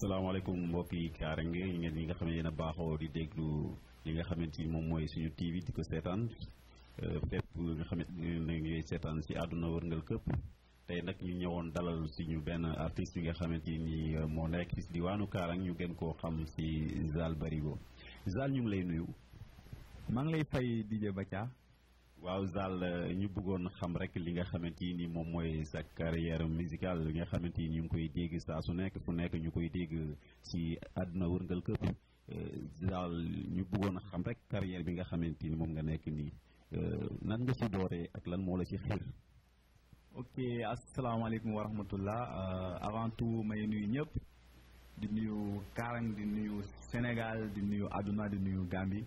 salaamaaleykum mbokki kaarange ngeen yi nga xam ne yéen a baaxoo di déglu li nga xamante ni moom mooy suñu TV di ko seetaan euh, fépp nga xamante ne ngay seetaan si àdduna wërngal këpp tey nag ñu ñëwoon dalal suñu benn artiste yi nga xamante ni euh, moo nekk si diwaanu kaarang ñu gën koo xam si Zal Barigo Zal ñu ngi lay nuyu. maa ngi lay fay DJ Bacha. waaw Zal euh, ñu bëggoon xam rek li nga xamante ni moom mooy sa carrière musicale li nga xamante ni ñu ngi koy dégg saa su nekk fu nekk ñu koy dégg ci àdduna wërngal këpp euh, Zal ñu bëggoon xam rek carrière bi nga xamante ni moom nga nekk nii euh, nan nga ci dooree ak lan moo la ci xiir ok asalaamaaleykum wa rahmatullah avant tout may nuyu ñëpp di nuyu Karang di nuyu Sénégal di nuyu àdduna di nuyu Gambie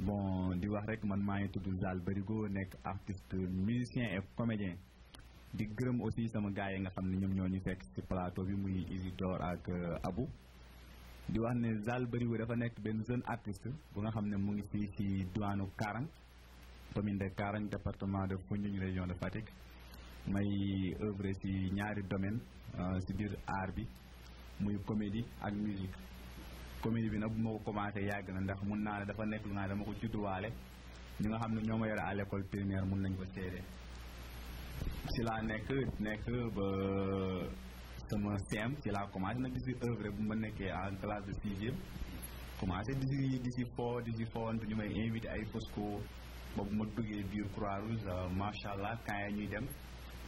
bon di wax rek man maa ngi tudd Zal Barigo nekk artiste musicien et comédien di gërëm aussi sama gars yi nga xam ne ñoom ñoo ñu fekk ci plateau bi muy Isidore ak euh, Abou di wax ne Zal Barigo dafa nekk benn jeune artiste bu nga xam ne mu ngi fii ci diwaanu Karang commune de Karang département de Foundiougne région de Fatick may œuvre ci ñaari domaine euh, ci biir art bi muy comédie ak musique comédie bi nag bu ma commencé yàgg na ndax mun naa ne dafa nekk lu naa dama ko judduwaale ñi nga xam ne ñoo ma yore à l'école primaire mun nañ ko seede ci laa nekk nekk ba sama CM ci laa commencé nag di si œuvre bu ma nekkee en classe de sixième commencé di si di si foo di ñu may invité ay Fosco ba bu ma duggee biir Croix Rouge euh, macha allah camp yi ñuy dem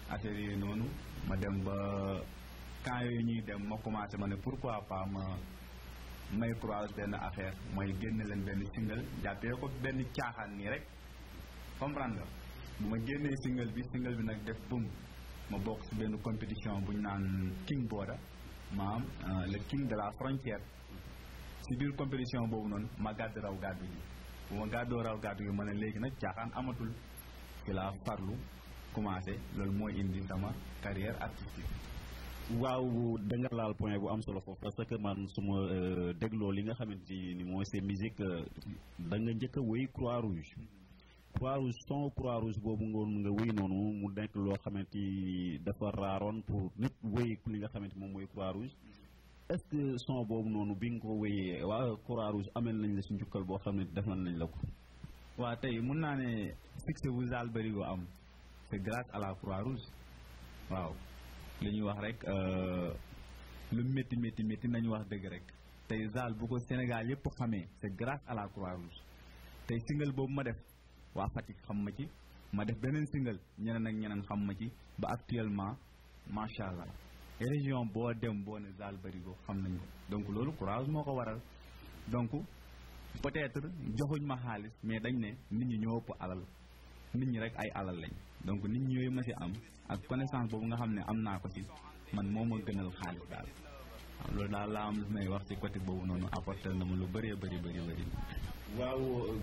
affaire yooyu noonu ma dem ba camp yooyu ñuy dem ma commencé ma ne pourquoi pas ma may croise benn affaire mooy génne leen benn single jàppee ko benn caaxaan nii rek comprendre nga bu ma génnee single bi single bi nag def bum ma bokk ci benn compétition bu ñu naan king border maam euh, le king de la frontière ci biir compétition boobu noonu ma gàdd raw gàddu gi bu ma gàddoo raw gàddu gi ma ne léegi nag caaxaan amatul ci farlu commencé loolu mooy indi sama carrière artistique waaw da laal point bu am solo ko parce que man su ma euh, dégloo li nga xamante ni mooy c'est musique euh, da njëkk a wéy croix rouge croix rouge son croix rouge boobu ngoon nga wéy noonu mu nekk loo xamante ni dafa raaroon pour nit wéy li nga xamante moom mooy croix rouge est-ce que son boobu noonu bi nga ko wéyee waa croix rouge amel nañ la si njukkal boo xam ne defal nañ la ko waa tey mun naa ne succès bu Zale Barigo am c'est grâce à la croix rouge waaw li ñuy wax rek euh, lu métti métti métti nañu wax dëgg rek tey zaal bu ko Sénégal yëpp xamee c'est grâce à la croix tey single boobu ma def waa Fatick xam ma ci ma def beneen single ñeneen ak ñeneen xam ma ci ba actuellement macha allah région boo dem boo ne zaal barigo xam nañu donc loolu courage moo ko waral donc peut-être joxuñ ma xaalis mais dañ ne nit ñi ñoo ëpp alal nit ñi rek ay alal lañ. donc nit ñi yooyu ma si am ak connaissance boobu nga xam ne am naa ko si man moo ma gënal xaalis daal loolu daal laa am lu may wax si côté boobu noonu apporté na ma lu bëree bëri bëri bëri. waaw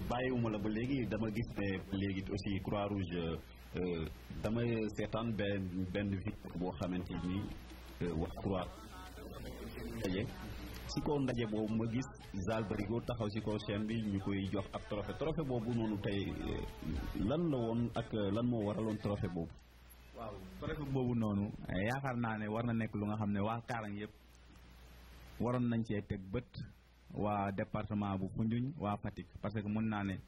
bàyyiwuma la ba léegi dama gis ne léegi aussi Croix Rouge euh, dama seetaan benn benn vidéo boo xamante ni euh, wax Croix daje si kaw ndaje boobu ma gis Zal Barigo taxaw si ko chaîne bi ñu koy jox ab trophée trophée boobu noonu tey euh, lan la woon ak euh, lan moo waraloon trophée boobu. waaw boobu noonu yaakaar naa ne war na nekk lu nga xam ne waa Kaarang yëpp waroon nañ cee teg bët waa departement bu Foundiougne waa Fatick parce que mën naa ne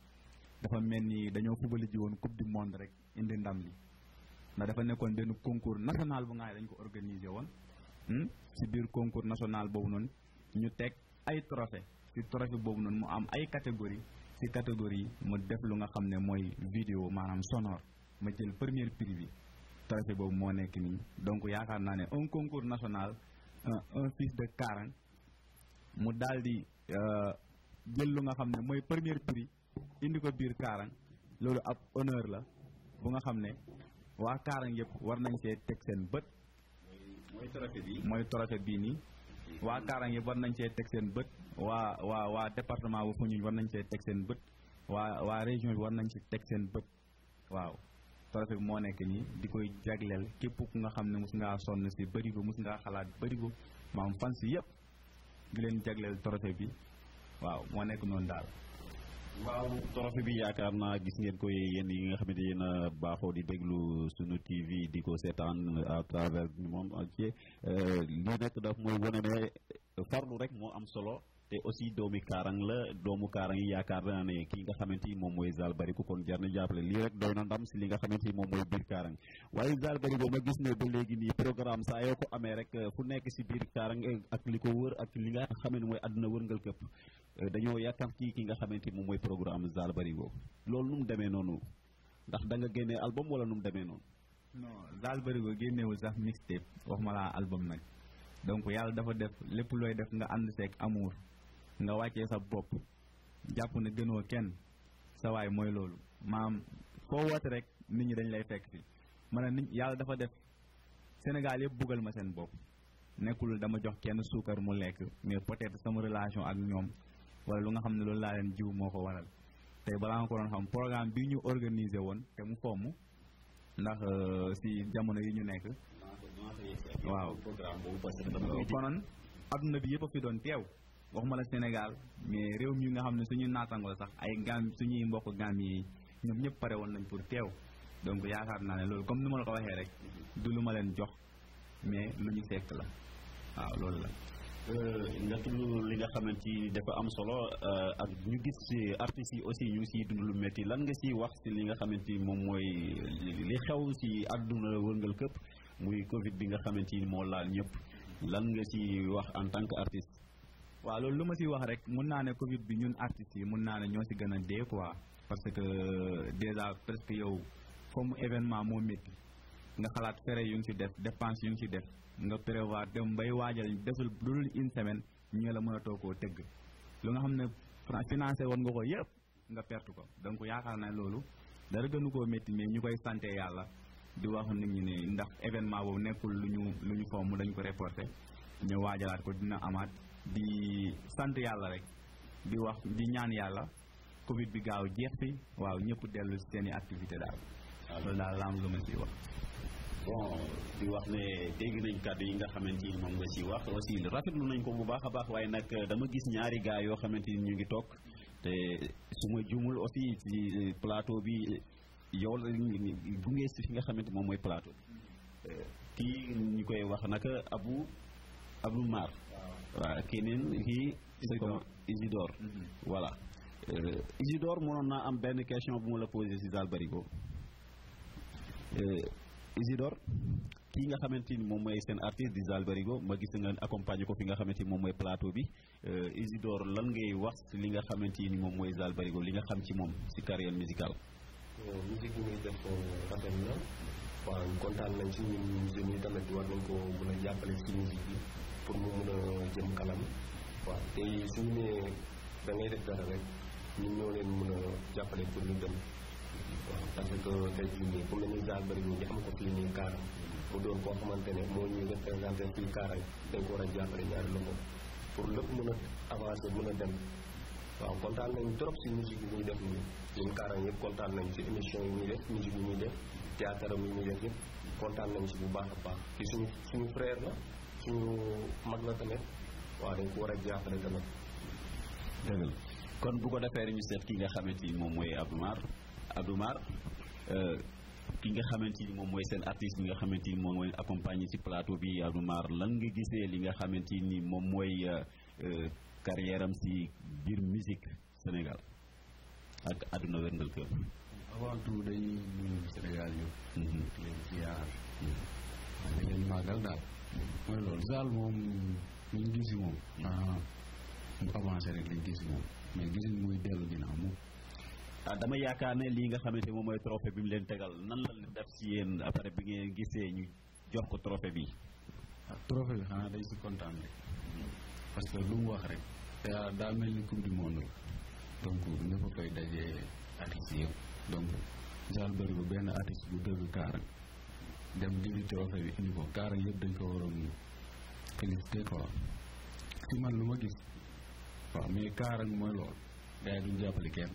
dafa mel ni dañoo fubali woon coupe du monde rek indi ndam li ndax dafa nekkoon benn concours national bu nga xam ne dañ ko organiser woon si hmm, biir concours national boobu noonu. ñu teg ay trophée ci trophée boobu noonu mu am ay catégorie ci catégorie mu def lu nga xam ne mooy vidéo maanaam sonore ma jël première prix bi trophée boobu moo nekk nii donc yaakaar naa ne un concours national un fils de Karang mu daal di euh, jël lu nga xam ne mooy premier prix indi ko biir Karang loolu ab honneur la bu nga xam ne waa Karang yëpp war nañ see teg seen bët mooy trophée bi bii nii waa Kaaraange war nañ cee teg seen bët waa waa waa département bu Foundiougne war nañ cee teg seen bët waa waa région bi war nañ ci teg seen bët waaw trophée bi moo nekk nii di koy jagleel képp ku nga xam ne mos ngaa sonn si bërigo mus ngaa xalaat bërigo maam fan si yëpp di leen jagleel trophée bi waaw moo nekk noonu daal waaw trophée bi yaakaar naa gis ngeen ko yéen yi nga xamante yéen a baaxoo di déglu sunu TV di ko seetaan à travers du monde entier euh, li nekk daf mooy wane ne farlu rek moo am solo te aussi doomi kaarang la doomu kaarang yi yaakaar na ne kii nga xamante yi moom mooy Zal Barigo kon jar na jàppale lii rek doy na ndam nga xamante yi moom mooy biir kaarang waaye Zal Barigo ma gis ne ba léegi nii programme saa yoo ko amee rek ku nekk si biir kaarang ak li ko wër ak li nga xamante mooy àdduna wërngal këpp Euh, dañoo kii ki nga xamante moom mooy programme Zal Barigo loolu nu mu demee noonu ndax danga nga génne album wala nu mu demee noonu. non Zal Barigo génnewu sax wax ma laa album nag donc yàlla dafa def lépp looy def nga ànd seeg amour nga wàcce sa bopp jàpp ne gënoo kenn sa waay mooy loolu maam foo woote rek nit ñi dañ lay fekk si man nit yàlla dafa def Sénégal yëpp buggal ma seen bopp nekkul dama jox kenn suukar mu lekk mais peut sama relation ak ñoom. wala lu nga xam ne loolu laa leen jiw moo ko waral tey balaa nga ko doon xam programme bi ñu organisé woon te mu xomm ndax euh, si jamono yi ñu nekk. waaw konoon adduna bi yëpp a fi doon teew waxuma la Sénégal mais réew mi nga xam ne suñu naatango la sax ay su ñuy mbokk gaam yi ñoom ñëpp pare woon nañ pour teew donc yaakaar naa ne loolu comme ni ma la ko waxee rek du lu ma leen jox mais lu ñu fekk la waaw loolu la Euh, nga tudd li nga xamante ni dafa am solo euh, ak ñu gis artistes yi aussi ñu ngi siy lu métti lan nga siy wax si li nga xamante ni moom mooy li xew si àdduna wërngal këpp muy Covid bi nga xamante ni moo laal ñëpp lan nga ci wax en tant que artiste. waaw loolu lu ma si wax rek mun naa ne Covid bi ñun artistes yi mun naa ne ñoo ci gën a dee quoi parce que déjà presque yow comme événement moo métti. nga xalaat frais yu ñu ci def dépense yu ñu ci def nga prévoir dem bay waajal desul dul une semaine ñu la mën a toog koo tëgg lu nga xam ne financé woon nga ko yëpp nga perte ko donc yaakaar na loolu dara gënu koo métti mais ñu koy sante yàlla di wax nit ñi ne ndax événement boobu nekkul lu ñu lu ñu fomm dañ ko reporté ñu waajalaat ko dina amaat di sant yàlla rek di wax di ñaan yàlla covid bi gaaw jeex fi waaw ñëpp dellu seeni activité daal loolu daal la am ma ciy wax bon di wax ne dégg nañ kàddu yi nga xamante ni moom nga ci wax aussi rafetlu nañ ko bu baax a baax waaye nag euh, dama gis ñaari gaa yoo xamante ni ñu ngi toog te su ma jumul aussi ci euh, palaato bi euh, yow la bu si fi nga xamante moom mooy plateau kii ñu koy wax nag Abou Abou Mar. waaw keneen kii. Isidore Isidore. Mm-hmm. voilà Isidore mënoon naa am benn question bu ma la posé si daal bari Isidore kii nga xamante ni moom mooy seen artiste di Zalberigo ma gis nga accompagné ko fi nga xamante ni moom mooy plateau bi euh, Isidore lan ngay wax li nga xamante ni moom mooy Zalberigo li nga xam ci moom si carrière musicale. Euh, musique bi muy def euh, rafet na waaw kontaan nañ ci ñun jeunes yi tamit war nañ ko mën a jàppale ci musique bi pour mu mën a def dara rek ñun ñoo leen mën a jàppale pour ñu dem. waaw parce que tey jii nii ku mel ni Zale Barigny ñu xam ko fii nii Kaarang mu doon koo xamante ne moo ñuy représenté fii Kaarang dañ ko war a jàppale ñaari loxo pour lépp mën a avancer mën a dem waaw kontaan nañ trop si musique bi ñuy def nii ñun Kaarang yëpp kontaan nañ si émission yi ñuy def musique yi ñuy def théâtre yi ñuy def yëpp kontaan nañ si bu baax a baax ci suñu suñu frère la suñu mag la tamit waaw dañ ko war a jàppale tamit dëgg la kon bu ko defee ñu seet ki nga xamante ni moom mooy Abdou Mar Adoumar euh, ki nga xamante ni moom mooy seen artiste bi nga xamante ni moom mooy accompagné ci plateau bi Adoumar lan nga gisee li nga xamante ni moom mooy euh, euh, carrière am ci biir musique Sénégal ak àdduna wërndal kër. avant tout dañuy Sénégal yëpp. Mhm. di daal. mooy loolu daal moom mhm. ah, mu avancé rek lañ gis moom mais gisuñ muy dellu ginnaaw moom. Ah, dama yaakaar ne lii nga xamante moom mooy trophée bi mu leen tegal nan la def si yéen après bi ngeen gisee ñu jox ko trophée bi. ah trophée bi xanaa ah, dañ si kontaan rek parce que lu mu wax rek te daa mel ni coupe du la donc ñëpp a koy dajee artistes yëpp donc genre bëri bu benn artiste bu dëgg kaar dem jëli trophée bi indi ko yëpp dañ ko waroon félicité quoi si man lu ma gis mais kaar mooy lool gars yi jàppale kenn.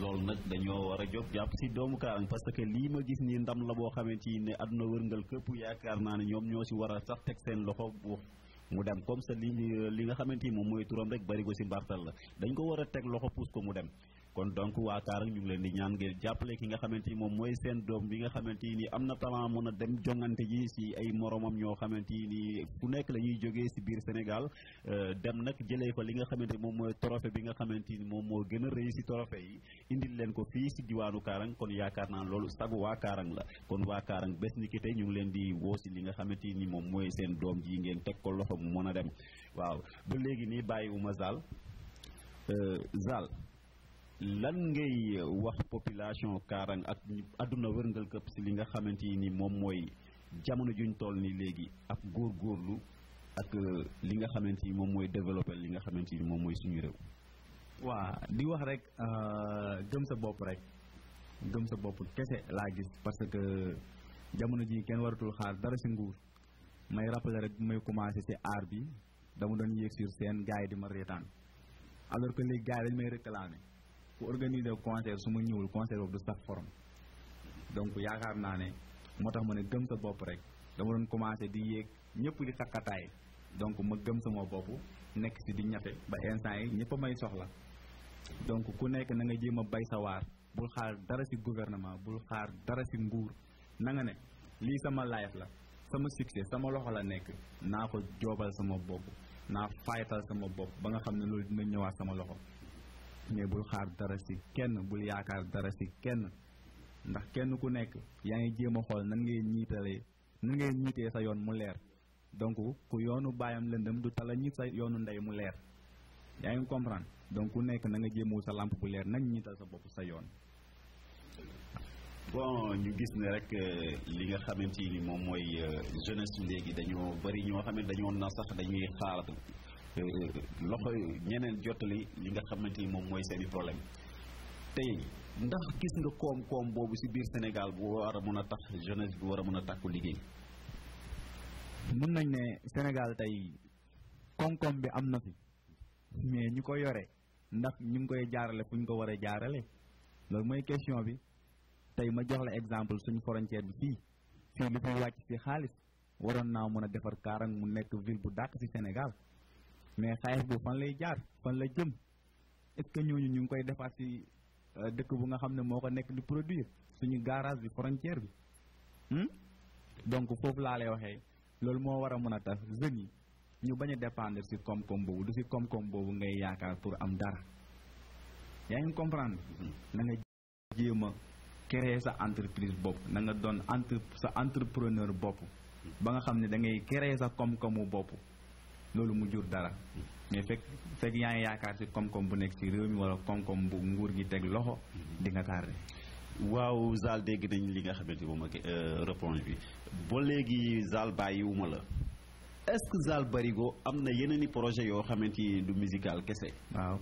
loolu nag dañoo war a jóg jàpp si doomu kaarang parce que lii ma gis ni ndam la boo xamante ne àdduna wërngal këpp yaakaar naa ne ñoom ñoo si war a sax teg seen loxo mu dem comme ça li li nga xamante ni moom mooy turam rek bari ko si mbartal la dañ ko war a teg loxo puus ko mu dem kon donc waa Kaar ñu ngi leen di ñaan ngeen jàppale ki nga xamante ni moom mooy seen doom bi nga ni na talent a dem jongante ji si ay moromam ñoo xamante ni fu nekk la ñuy jógee si biir Sénégal euh, dem nag jëlee fa li nga xamante ni moom mooy trophée bi nga xamante ni moom moo gën a rëy leen ko fii si diwaanu Kaarang yaakaar naa loolu sagu waa Kaarang la kon waa Kaarang bés ni ki tey leen di woo si li nga xamante ni moom mooy seen doom ji ngeen teg ko loxo mu mën a dem waaw ba léegi nii bàyyi uma Zal euh, Zal lan ngay wax population Kaarang ak àdduna wërngal këpp si li nga xamante nii moom mooy jamono juñ toll nii léegi ak góor góorgóorlu ak euh, li nga xamante ni moom mooy développer li nga xamante ni moom mooy suñu réew. waa di wax rek euh, gëm sa bopp rek gëm sa bopp kese laa gis parce que jamono ji kenn waratul xaar dara si nguur may rappeler rek may commencé si aar bi dama doon yéeg sur scène gars yi di ma reetaan alors que léegi gars dañ may réclamer. ku organiser concert su ma ñëwul concert boobu du sax forom donc yaakaar naa ne moo tax ma ne gëm sa bopp rek dama doon commencé di yéeg ñëpp di xaqataay donc ma gëm sama bopp nekk si di ñafe ba instant yi ñëpp a may soxla donc ku nekk na nga jéem a bay sa waar bul xaar dara si gouvernement bul xaar dara si nguur na nga ne lii sama life la sama succès sama loxo la nekk naa ko joobal sama bopp naa fayatal sama bopp ba nga xam ne loolu dina ñëwaat sama loxo mais bul xaar dara ci kenn bul yaakaar dara ci kenn ndax kenn ku nekk yaa ngi jéem a xool nan ngay ñiitalee nan ngay ñiitee sa yoon mu leer donc ku yoonu baayam lëndëm du tala ñiit sa yoonu ndey mu leer yaa ngi comprendre donc ku nekk na nga jéemul sa làmp bu leer nag ñiital sa bopp sa yoon bon ñu gis ne rek euh, li nga xamante ni moom mooy euh, jeunesse léegi dañoo bari ñoo xam ne dañoo nasax dañuy xaar Euh, loxo ñeneen jottali li nga xamante ni moom mooy seen i problème tey ndax gis nga koom-koom boobu ci biir Sénégal bu war a mën a tax jeunesse bu war a mën a tàkku liggéey. mën nañ ne Sénégal tey koom-koom bi am na fi mais ñu ko yore ndax ñu ngi koy jaarale fu ñu ko war a jaarale loolu mooy question bi tey ma jox la exemple suñ frontière bi fii fii li fi wàcc ci xaalis waroon naa mën a defar Kaarang mu nekk ville bu dàq ci Sénégal. mais xaalis boobu fan lay jaar fan la jëm est-ce que ñooñu ñu ngi koy defar si euh, dëkk bu nga xam ne moo ko nekk di produire suñu garage bi frontière bi hmm? donc foofu laa lay waxee loolu moo war a mën a tax jeunes yi ñu bañ a dépendre si koom boobu lu si koom-koom boobu ngay yaakaar pour am dara yaa ngi comprendre na nga jéem sa entreprise bopp na nga doon entre sa entrepreneur bopp ba nga xam ne da ngay créer sa koom-koomu bopp loolu mu jur dara mais fekk fekk yaa ngi yaakaar ci koom-koom bu nekk ci réew mi walla koom-koom bu nguur gi teg loxo di nga tardé waaw Zal dégg nañ li nga xamante ma ak euh, réponse bi ba léegi Zal bàyyiwuma la est-ce que Zal Barigo am na yeneen i projet yoo xamante ni du musical kese waaw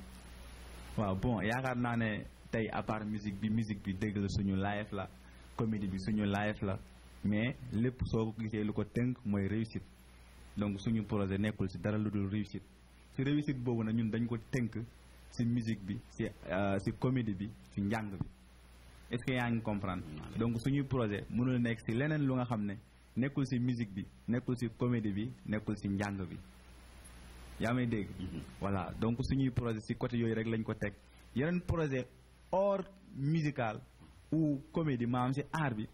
waaw bon yaakaar naa ne tey à part bi musique bi dëgg suñu live la comédie bi suñu live la mais lépp soo gisee lu ko tënk mooy réussite donc suñu projet nekkul si dara lu dul réussite ci réussite boobu nag ñun dañ ko tënk ci musique bi ci euh, ci comédie bi ci njàng bi est-ce yaa ngi comprendre mm-hmm. donc suñu projet mënul nekk ci leneen lu nga xam ne nekkul si musique bi nekkul si comédie bi nekkul si njàng bi yaa may dégg mm-hmm. voilà donc suñuy projet ci côté yooyu rek lañ ko teg yeneen projet hors musical ou comédie maanaam si art bi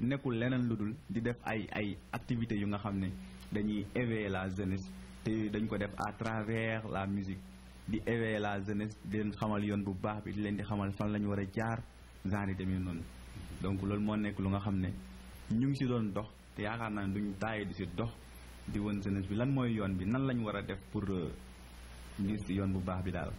nekkul leneen lu dul di def ay ay activités yu nga xam ni dañuy éveiller la jeunesse te dañ ko def à travers la musique di éveiller la jeunesse di xamal yoon bu baax bi di leen di xamal fan la ñu war a jaar genre yi demee noonu donc loolu moo nekk lu nga xam ne ñu ngi si doon dox te yaakaar naa ne duñu tàyyi di si dox di woon jeunesse bi lan mooy yoon bi nan lañu ñu war a def pour ngir euh, si yoon bu baax bi daal.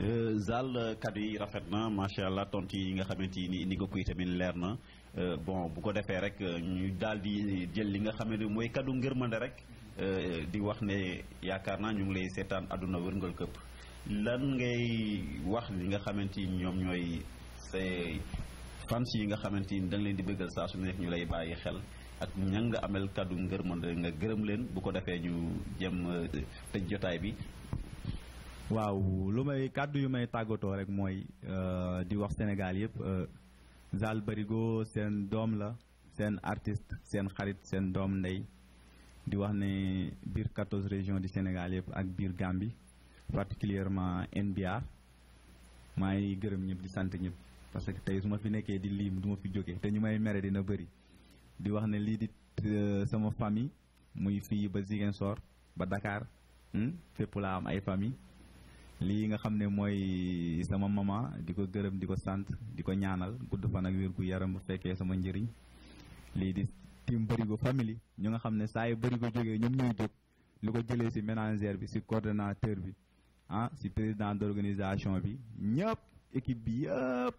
Euh, Zal kaddu yi rafet na macha allah tontu yi nga xamante ni indi nga kuy tamit leer na. Euh, bon bu ko defee rek euh, ñu daal di jël li nga xamante ne mooy kaddu ngërmande rek euh, di wax ne yaakaar naa ñu ngi lay seetaan àdduna wërngal këpp lan ngay wax li nga xamante ni ñoom ñooy say fans yi nga xamante ni da leen di bëggal saa su nekk ñu lay bàyyi xel ak ña nga amel kaddu ngërmande nga gërëm leen bu ko defee ñu jëm tëj jotaay bi. waaw lu may kàddu yu may tàggatoo rek mooy di wax Sénégal yëpp. Zal Barigo seen doom la seen artiste seen xarit seen doom ndey di wax ne biir 14 régions du Sénégal yëpp ak biir Gambie particulièrement NBR maa ngi gërëm ñëpp di sant ñëpp parce que tey su ma fi nekkee di liim du ma fi jógee te ñu may mere dina bëri di wax ne lii di euh, sama famille muy fii ba Ziguinchor ba dakaar hmm, fépp laa am ay famille lii nga xam ne mooy sama mama di ko gërëm di ko sant di ko ñaanal gudd fan ak wér gu yaram bu fekkee sama njëriñ lii di team Barigo family ñu nga xam ne saa yu Barigo jógee ñoom ñooy jóg lu ko jëlee si manager bi si coordonnateur bi ah si président d'organisation bi ñëpp équipe bi yëpp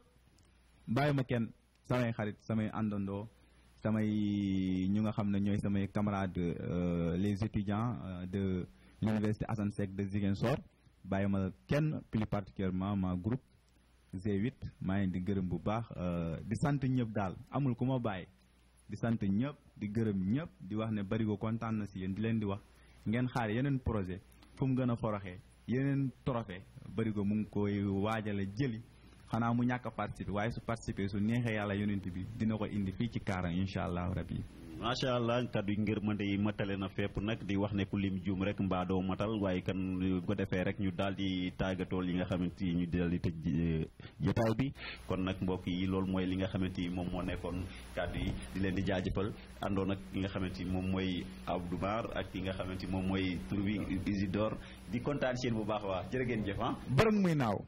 bàyyi ma kenn samay xarit samay àndandoo samay ñu nga xam ne ñooy samay camarades euh, les étudiants euh, de l'université Assane Seck de Ziguinchor bàyyi ma kenn plus particulièrement ma groupe G8 maa ngi di gërëm bu baax euh, di sant ñëpp daal amul ku ma bàyyi di sant ñëpp di gërëm ñëpp di wax ne Barigo kontaan na si yéen di leen di wax ngeen xaar yeneen projet fu mu gën a foroxee yeneen trophée Barigo mu ngi koy waajale jëli xanaa mu ñàkk a participer waaye su participer su neexee yàlla yonent bi dina ko indi fii ci Karang incha allah yi macha allah kaddu yi ngir ngërmande yi matale na fépp nag di wax ne ku lim juum rek mbaa doo matal waaye kan bu ko defee rek ñu daal di tàggatool yi nga xamante ni ñu daal di tëj eh, jotaay bi kon nag mbokk yi loolu mooy li nga xamante ni moom moo nekkoon kaddu yi di leen di jaajëfal àndoon ak ki nga xamante ni moom mooy Abdou Mar ak ki nga xamante ni moom mooy tur Isidore di kontaan seen bu baax waa jërë ngeen jëf ah. borom muy naaw.